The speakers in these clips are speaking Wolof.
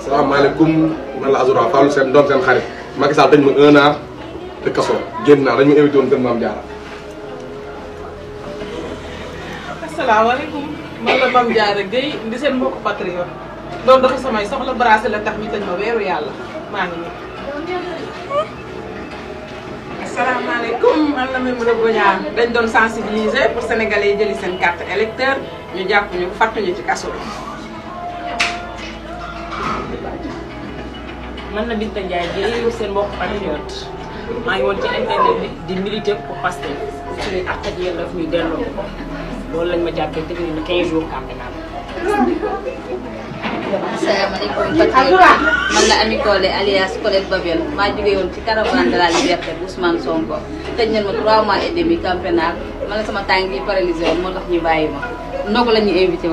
salaamaaleykum man la Azoura Fall seen doom seen xarit Macky Sall dañ ma un an de kaso génn naa dañ ma invité woon kër Maam Diarra. asalaamaaleykum man la Maam Diarra Guèye di seen mbokku patriote doon doxi samay soxla brasé la tax ñu tëj ma weeru yàlla maa ngi nii. asalaamaaleykum man la Maimouna Bodian dañ doon sensibiliser pour sénégalais yi jëli seen carte électeur ñu jàpp ñu fàttuñu ci kaso man la Binta Ndiaye di seen mbokk patriote maa ngi woon ci internet bi di militer pour Pastef suñu àq ak yelleef ñu delloo loolu lañ ma jàppee te ñu 15 jours campagne man la Ami Collé alias Colette Babel maa jógee woon ci caravane de la liberté bu Ousmane Sonko tëj nañ ma 3 mois et demi man la sama tànk yi paralysé moo tax ñu bàyyi ma ndogu la ñu invité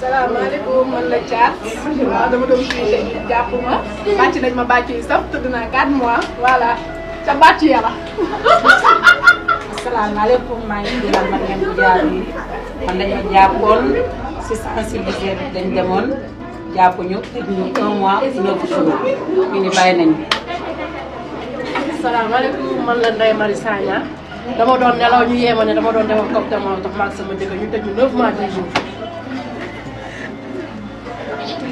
salaamaaleykum man la Thiat waaw ah, dama doon tuuti eh, jàpp ma bàcc nañ ma bàcc yi sax tëdd naa 4 mois voilà ca bàcc yàlla. asalaamaaleykum maa ngi tudd man ngeen di jaar yi man dañoo jàppoon si sensibiliser dañ demoon jàpp ñu tëj ñu un mois neuf jours ñu ni bàyyi nañu. asalaamaaleykum man la Ndeye Marie Sagna dama doon nelaw ñu yéema ne dama doon defar cocktail Molotov ak sama jëkkër ñu tëj ñu 9 mois 10 jours.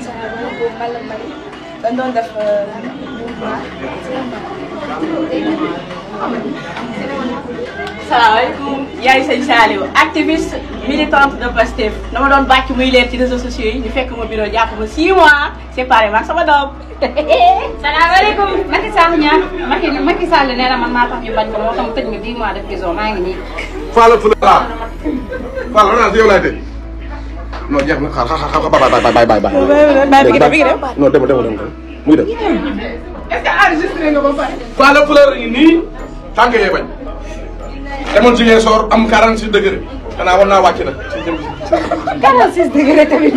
Sénégal wala boobu mbala mbali dañ doon def mouvement. salaamaaleykum yaay sëñ Saliou activiste militante de Pastef dama doon bàcc muy leer ci réseaux sociaux yi ñu fekk ma bureau jàpp ma 6 mois séparé ma ak sama doom. salaamaaleykum Macky Sall ñaar Macky Macky Sall nee na man maa tax ñu bañ ko moo tax mu tëj ma 10 mois de prison maa ngi nii. Fallou Fula. Fallou xanaa si yow laay tëj. non jeex na xaar xaar xaar bàyyi bàyyi bàyyi bàyyi. bàyyi bi ngi dem non demul demul demul muy dem. est-ce que enregistré nga ba pare. Fala Fleur yi nii tànk yee bañ. demoon ci Ziguinchor am 46 degré xanaa war naa wàcc nag. 46 degré tamit.